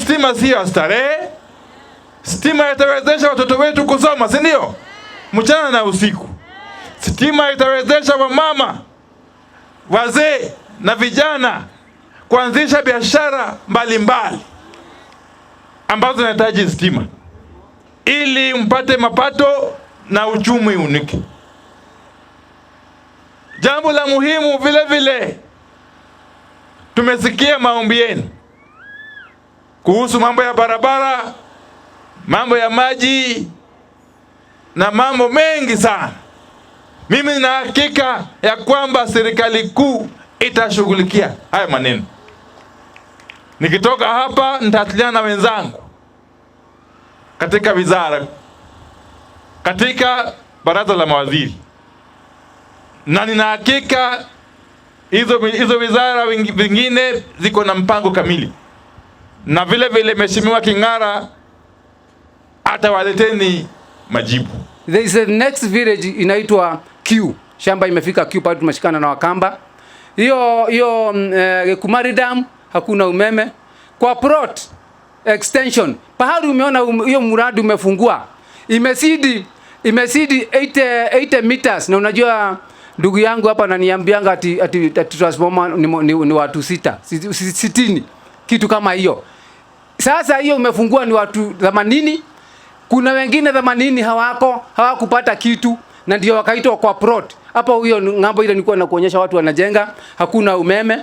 Stima siyo ya starehe. Stima itawezesha watoto wetu kusoma, si ndio? Mchana na usiku. Stima itawezesha wamama, wazee na vijana kuanzisha biashara mbalimbali ambazo zinahitaji stima ili mpate mapato na uchumi unike. Jambo la muhimu vile vile, tumesikia maombi yenu kuhusu mambo ya barabara, mambo ya maji na mambo mengi sana. Mimi nina hakika ya kwamba serikali kuu itashughulikia haya maneno. Nikitoka hapa nitawasiliana na wenzangu katika wizara, katika baraza la mawaziri, na nina hakika hizo hizo wizara vingine ziko na mpango kamili na vile vile Mheshimiwa King'ara atawaleteni majibu. There is a next village inaitwa q Shamba imefika Q pale tumeshikana na Wakamba. Hiyo hiyo uh, Kumari Dam hakuna umeme. Kwa plot extension pahali umeona um, hiyo um, mradi umefungua imesidi imesidi 8 8 meters na unajua ndugu yangu hapa ananiambianga ati, ati, ati transformer ni, ni, ni watu sita sitini kitu kama hiyo. Sasa hiyo umefungua ni watu 80. Kuna wengine 80 hawako hawakupata kitu na ndio wakaitwa kwa prod. Hapo hiyo ngambo ile nilikuwa nakuonyesha watu wanajenga, hakuna umeme.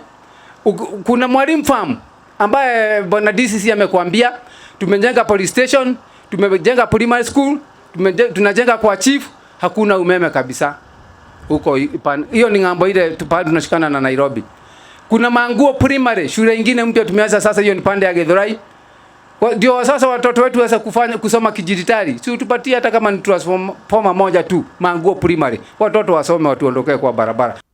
Kuna Mwalimu Farm ambaye bwana DCC amekuambia tumejenga police station, tumejenga primary school, tumejenga, tunajenga kwa chief, hakuna umeme kabisa. Huko hiyo ni ngambo ile tunashikana na Nairobi. Kuna Manguo Primary, shule nyingine mpya tumeanza sasa, hiyo ni pande ya Githurai ndio sasa watoto wetu waweza kufanya kusoma kidijitali, si utupatie hata kama ni transformer moja tu, manguo primary, watoto wasome, watuondokee kwa barabara.